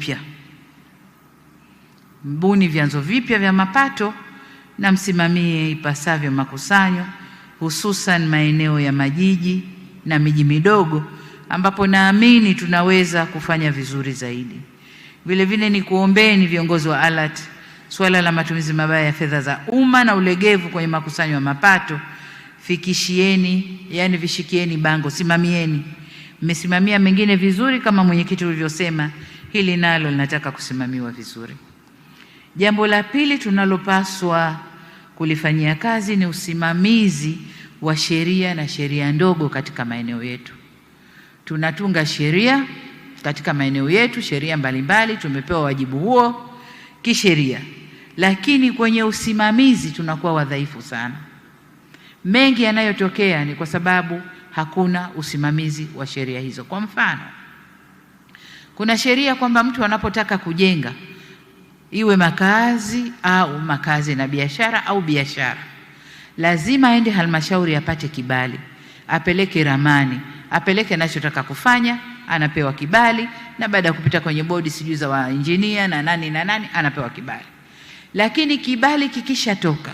vipya, mbuni vyanzo vipya vya mapato na msimamie ipasavyo makusanyo, hususan maeneo ya majiji na miji midogo ambapo naamini tunaweza kufanya vizuri zaidi. Vilevile ni kuombeni viongozi wa ALAT, suala la matumizi mabaya ya fedha za umma na ulegevu kwenye makusanyo ya mapato fikishieni, yani vishikieni bango, simamieni. Mmesimamia mengine vizuri kama mwenyekiti ulivyosema. Hili nalo linataka kusimamiwa vizuri. Jambo la pili tunalopaswa kulifanyia kazi ni usimamizi wa sheria na sheria ndogo katika maeneo yetu. Tunatunga sheria katika maeneo yetu, sheria mbalimbali, tumepewa wajibu huo kisheria, lakini kwenye usimamizi tunakuwa wadhaifu sana. Mengi yanayotokea ni kwa sababu hakuna usimamizi wa sheria hizo. Kwa mfano kuna sheria kwamba mtu anapotaka kujenga iwe makazi au makazi na biashara au biashara, lazima aende halmashauri apate kibali, apeleke ramani, apeleke anachotaka kufanya, anapewa kibali, na baada ya kupita kwenye bodi sijui za wainjinia na nani na nani, anapewa kibali. Lakini kibali kikishatoka,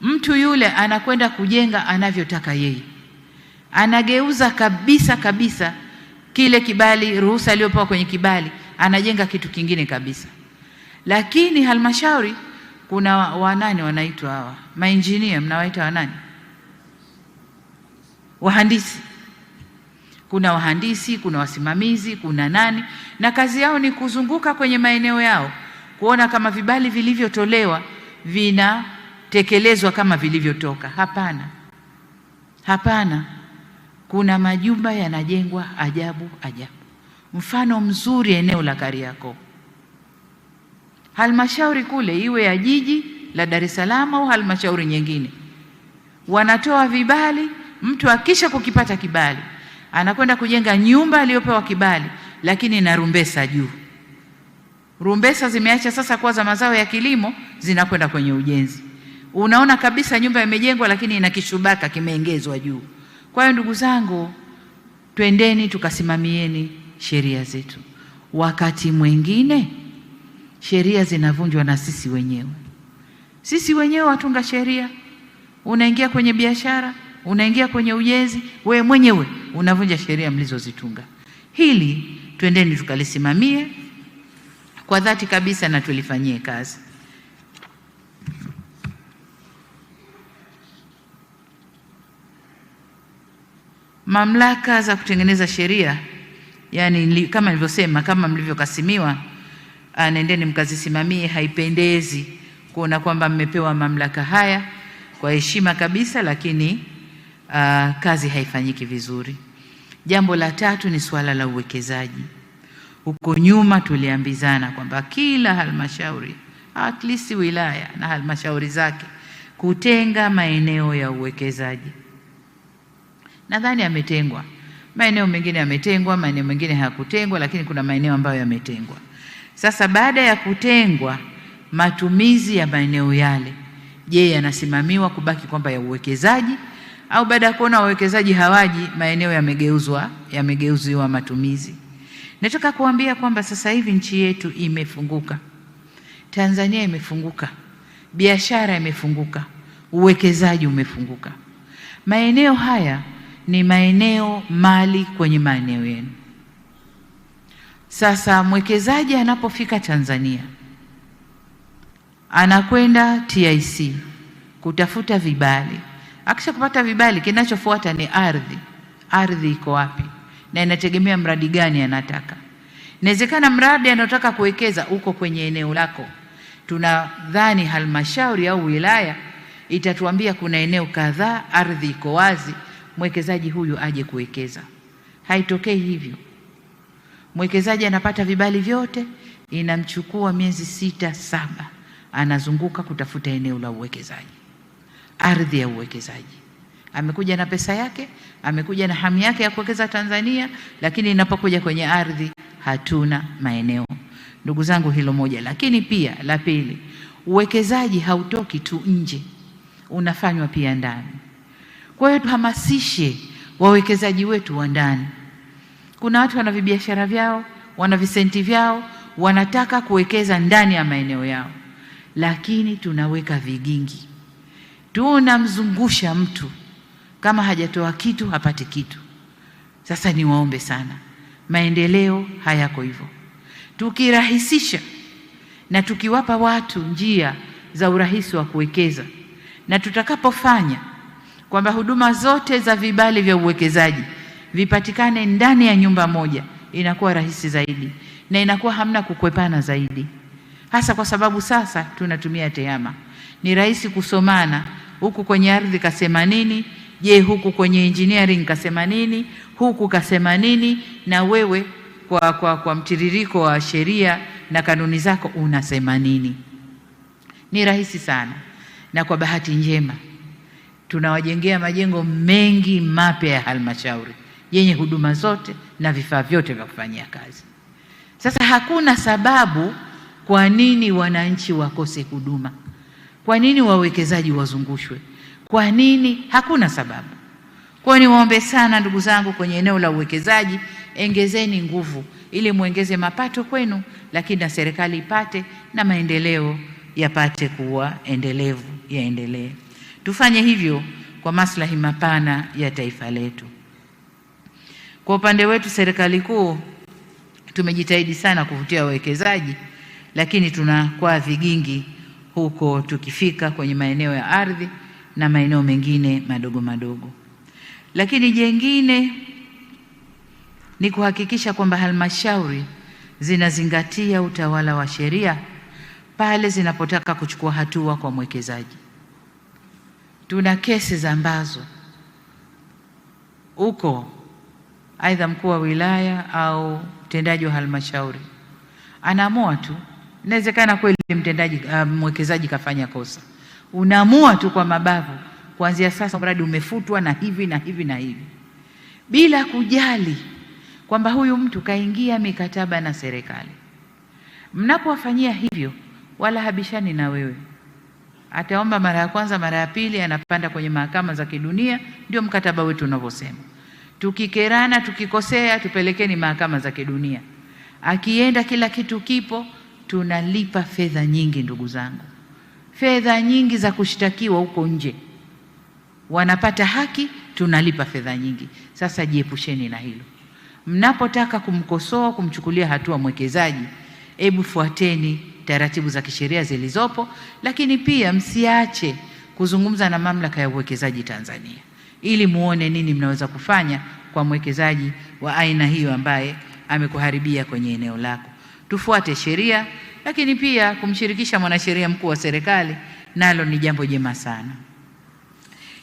mtu yule anakwenda kujenga anavyotaka yeye, anageuza kabisa kabisa kile kibali, ruhusa aliyopewa kwenye kibali, anajenga kitu kingine kabisa. Lakini halmashauri kuna wanani wanaitwa hawa mainjinia, mnawaita wanani? Wahandisi. Kuna wahandisi, kuna wasimamizi, kuna nani, na kazi yao ni kuzunguka kwenye maeneo yao kuona kama vibali vilivyotolewa vinatekelezwa kama vilivyotoka. Hapana, hapana kuna majumba yanajengwa ajabu ajabu. Mfano mzuri eneo la Kariakoo, halmashauri kule, iwe ya jiji la Dar es Salaam au halmashauri nyingine, wanatoa vibali. Mtu akisha kukipata kibali anakwenda kujenga nyumba aliyopewa kibali, lakini na rumbesa juu. Rumbesa zimeacha sasa kuwa za mazao ya kilimo, zinakwenda kwenye ujenzi. Unaona kabisa nyumba imejengwa, lakini ina kishubaka kimeongezwa juu. Kwa hiyo ndugu zangu, twendeni tukasimamieni sheria zetu. Wakati mwingine sheria zinavunjwa na sisi wenyewe. Sisi wenyewe watunga sheria, unaingia kwenye biashara, unaingia kwenye ujenzi, wewe mwenyewe unavunja sheria mlizozitunga. Hili twendeni tukalisimamie kwa dhati kabisa na tulifanyie kazi. Mamlaka za kutengeneza sheria, yani kama nilivyosema, kama mlivyokasimiwa, anaendeni ah, mkazisimamie. Haipendezi kuona kwamba mmepewa mamlaka haya kwa heshima kabisa, lakini aa, ah, kazi haifanyiki vizuri. Jambo la tatu ni suala la uwekezaji. Huko nyuma tuliambizana kwamba kila halmashauri at least wilaya na halmashauri zake kutenga maeneo ya uwekezaji nadhani yametengwa. Maeneo mengine yametengwa, maeneo mengine hayakutengwa, lakini kuna maeneo ambayo yametengwa. Sasa baada ya kutengwa, matumizi ya maeneo yale, je, yanasimamiwa kubaki kwamba ya uwekezaji au baada ya kuona wawekezaji hawaji, maeneo yamegeuzwa, yamegeuziwa matumizi. Nataka kuambia kwamba sasa hivi nchi yetu imefunguka, Tanzania imefunguka, biashara imefunguka, uwekezaji umefunguka. Maeneo haya ni maeneo mali kwenye maeneo yenu. Sasa mwekezaji anapofika Tanzania anakwenda TIC kutafuta vibali. Akisha kupata vibali, kinachofuata ni ardhi. Ardhi iko wapi na inategemea mradi gani anataka. Inawezekana mradi anaotaka kuwekeza uko kwenye eneo lako. Tunadhani halmashauri au wilaya itatuambia kuna eneo kadhaa ardhi iko wazi mwekezaji huyu aje kuwekeza. Haitokei hivyo. Mwekezaji anapata vibali vyote, inamchukua miezi sita saba, anazunguka kutafuta eneo la uwekezaji, ardhi ya uwekezaji. Amekuja na pesa yake, amekuja na hamu yake ya kuwekeza Tanzania, lakini inapokuja kwenye ardhi hatuna maeneo. Ndugu zangu, hilo moja. Lakini pia la pili, uwekezaji hautoki tu nje, unafanywa pia ndani. Kwa hiyo tuhamasishe wawekezaji wetu wa ndani. Kuna watu wana vibiashara vyao, wana visenti vyao, wanataka kuwekeza ndani ya maeneo yao, lakini tunaweka vigingi, tunamzungusha mtu, kama hajatoa kitu hapati kitu. Sasa niwaombe sana, maendeleo hayako hivyo. Tukirahisisha na tukiwapa watu njia za urahisi wa kuwekeza, na tutakapofanya kwamba huduma zote za vibali vya uwekezaji vipatikane ndani ya nyumba moja, inakuwa rahisi zaidi na inakuwa hamna kukwepana zaidi, hasa kwa sababu sasa tunatumia TEHAMA. Ni rahisi kusomana, huku kwenye ardhi kasema nini, je, huku kwenye engineering kasema nini, huku kasema nini, na wewe kwa, kwa, kwa mtiririko wa sheria na kanuni zako unasema nini. Ni rahisi sana, na kwa bahati njema tunawajengea majengo mengi mapya ya halmashauri yenye huduma zote na vifaa vyote vya kufanyia kazi. Sasa hakuna sababu kwa nini wananchi wakose huduma, kwa nini wawekezaji wazungushwe, kwa nini? Hakuna sababu. Kwa hiyo niwaombe sana ndugu zangu, kwenye eneo la uwekezaji engezeni nguvu, ili muongeze mapato kwenu, lakini na serikali ipate na maendeleo yapate kuwa endelevu, yaendelee. Tufanye hivyo kwa maslahi mapana ya taifa letu. Kwa upande wetu, serikali kuu tumejitahidi sana kuvutia wawekezaji, lakini tunakwaa vigingi huko tukifika kwenye maeneo ya ardhi na maeneo mengine madogo madogo. Lakini jengine ni kuhakikisha kwamba halmashauri zinazingatia utawala wa sheria pale zinapotaka kuchukua hatua kwa mwekezaji tuna kesi ambazo uko aidha mkuu wa wilaya au mtendaji wa halmashauri anaamua tu. Inawezekana kweli mtendaji uh, mwekezaji kafanya kosa, unaamua tu kwa mabavu, kuanzia sasa mradi umefutwa na hivi na hivi na hivi, bila kujali kwamba huyu mtu kaingia mikataba na serikali. Mnapowafanyia hivyo, wala habishani na wewe ataomba mara ya kwanza, mara ya pili, anapanda kwenye mahakama za kidunia. Ndio mkataba wetu unavyosema. Tukikerana, tukikosea, tupelekeni mahakama za kidunia. Akienda kila kitu kipo, tunalipa fedha nyingi, ndugu zangu, fedha nyingi za kushtakiwa huko nje. Wanapata haki, tunalipa fedha nyingi. Sasa jiepusheni na hilo. Mnapotaka kumkosoa, kumchukulia hatua mwekezaji, hebu fuateni taratibu za kisheria zilizopo, lakini pia msiache kuzungumza na mamlaka ya uwekezaji Tanzania ili muone nini mnaweza kufanya kwa mwekezaji wa aina hiyo ambaye amekuharibia kwenye eneo lako. Tufuate sheria, lakini pia kumshirikisha mwanasheria mkuu wa serikali nalo ni jambo jema sana.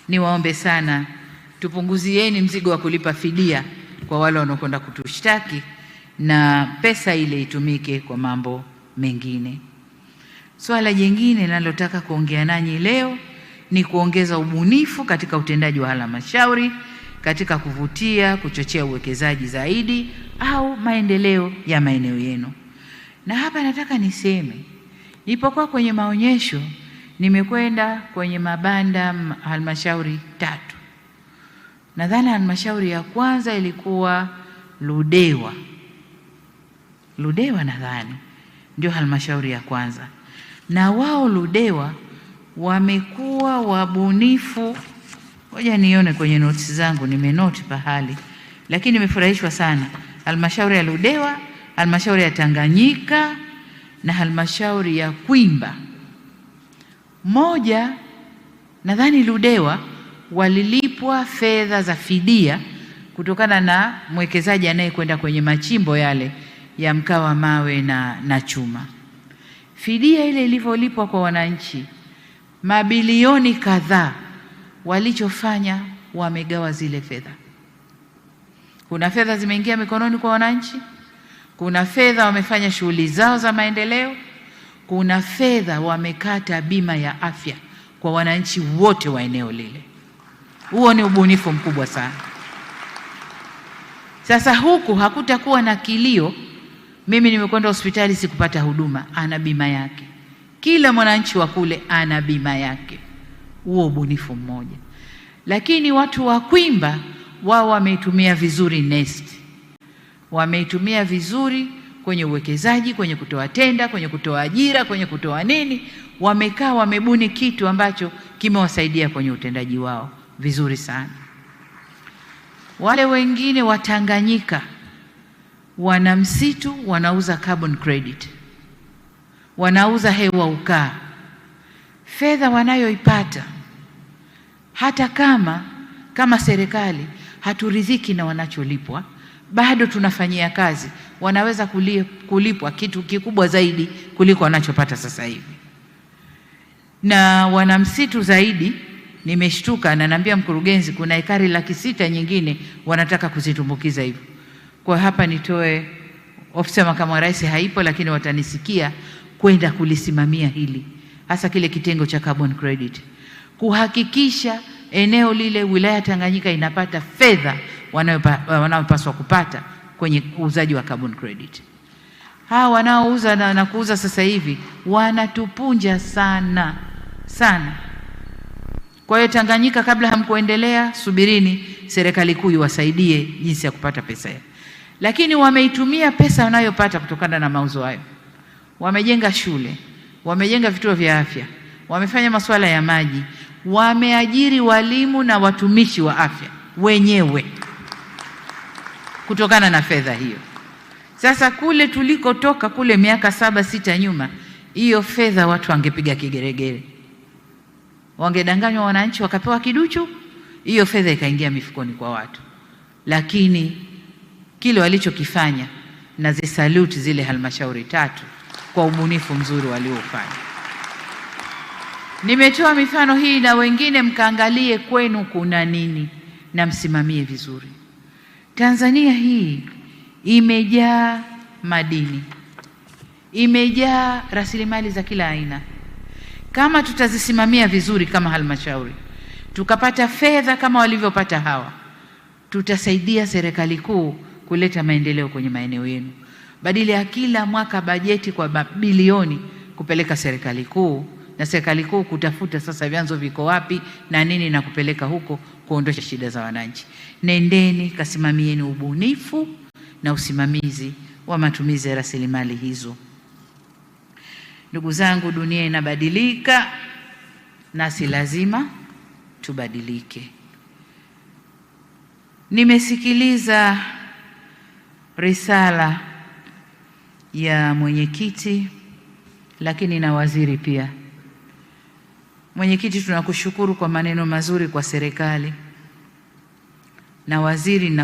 Niwaombe sana, tupunguzieni mzigo wa kulipa fidia kwa wale wanaokwenda kutushtaki na pesa ile itumike kwa mambo mengine. Swala jingine nalotaka kuongea nanyi leo ni kuongeza ubunifu katika utendaji wa halmashauri katika kuvutia, kuchochea uwekezaji zaidi au maendeleo ya maeneo yenu. Na hapa nataka niseme, nilipokuwa kwenye maonyesho nimekwenda kwenye mabanda halmashauri tatu. Nadhani halmashauri ya kwanza ilikuwa Ludewa, Ludewa nadhani ndio halmashauri ya kwanza, na wao Ludewa wamekuwa wabunifu. Ngoja nione kwenye notisi zangu, nimenoti pahali, lakini nimefurahishwa sana. Halmashauri ya Ludewa, halmashauri ya Tanganyika na halmashauri ya Kwimba. Moja nadhani Ludewa walilipwa fedha za fidia kutokana na mwekezaji anayekwenda kwenye machimbo yale ya mkaa wa mawe na, na chuma. Fidia ile ilivyolipwa kwa wananchi mabilioni kadhaa, walichofanya wamegawa zile fedha. Kuna fedha zimeingia mikononi kwa wananchi, kuna fedha wamefanya shughuli zao za maendeleo, kuna fedha wamekata bima ya afya kwa wananchi wote wa eneo lile. Huo ni ubunifu mkubwa sana. Sasa huku hakutakuwa na kilio mimi nimekwenda hospitali sikupata huduma, ana bima yake. Kila mwananchi wa kule ana bima yake. Huo ubunifu mmoja, lakini watu wa Kwimba wao wameitumia vizuri NeST, wameitumia vizuri kwenye uwekezaji, kwenye kutoa tenda, kwenye kutoa ajira, kwenye kutoa nini. Wamekaa wamebuni kitu ambacho kimewasaidia kwenye utendaji wao vizuri sana. Wale wengine wa Tanganyika wana msitu wanauza carbon credit, wanauza hewa ukaa. Fedha wanayoipata hata kama kama serikali haturidhiki na wanacholipwa, bado tunafanyia kazi, wanaweza kulipwa kitu kikubwa zaidi kuliko wanachopata sasa hivi. Na wanamsitu zaidi, nimeshtuka na naambia mkurugenzi, kuna ekari laki sita nyingine wanataka kuzitumbukiza hivyo kwa hapa nitoe, ofisi ya makamu wa rais haipo, lakini watanisikia, kwenda kulisimamia hili, hasa kile kitengo cha carbon credit, kuhakikisha eneo lile, wilaya Tanganyika inapata fedha wanaopaswa kupata kwenye uuzaji wa carbon credit. Hawa wanaouza na, na kuuza sasa hivi wanatupunja sana sana. Kwa hiyo Tanganyika, kabla hamkuendelea, subirini serikali kuu iwasaidie jinsi ya kupata pesa yao lakini wameitumia pesa wanayopata kutokana na mauzo hayo. Wamejenga shule, wamejenga vituo vya afya, wamefanya masuala ya maji, wameajiri walimu na watumishi wa afya wenyewe kutokana na fedha hiyo. Sasa kule tulikotoka kule miaka saba sita nyuma, hiyo fedha watu wangepiga kigeregere, wangedanganywa wananchi wakapewa kiduchu, hiyo fedha ikaingia mifukoni kwa watu, lakini kile walichokifanya, na zisaluti zile halmashauri tatu kwa ubunifu mzuri waliofanya. Nimetoa mifano hii na wengine mkaangalie kwenu kuna nini na msimamie vizuri. Tanzania hii imejaa madini, imejaa rasilimali za kila aina. Kama tutazisimamia vizuri kama halmashauri, tukapata fedha kama walivyopata hawa, tutasaidia serikali kuu kuleta maendeleo kwenye maeneo yenu. Badili ya kila mwaka bajeti kwa bilioni kupeleka serikali kuu, na serikali kuu kutafuta sasa vyanzo viko wapi na nini na kupeleka huko kuondosha shida za wananchi. Nendeni kasimamieni ubunifu na usimamizi wa matumizi ya rasilimali hizo. Ndugu zangu, dunia inabadilika nasi lazima tubadilike. Nimesikiliza risala ya mwenyekiti lakini na waziri pia. Mwenyekiti, tunakushukuru kwa maneno mazuri kwa serikali na waziri na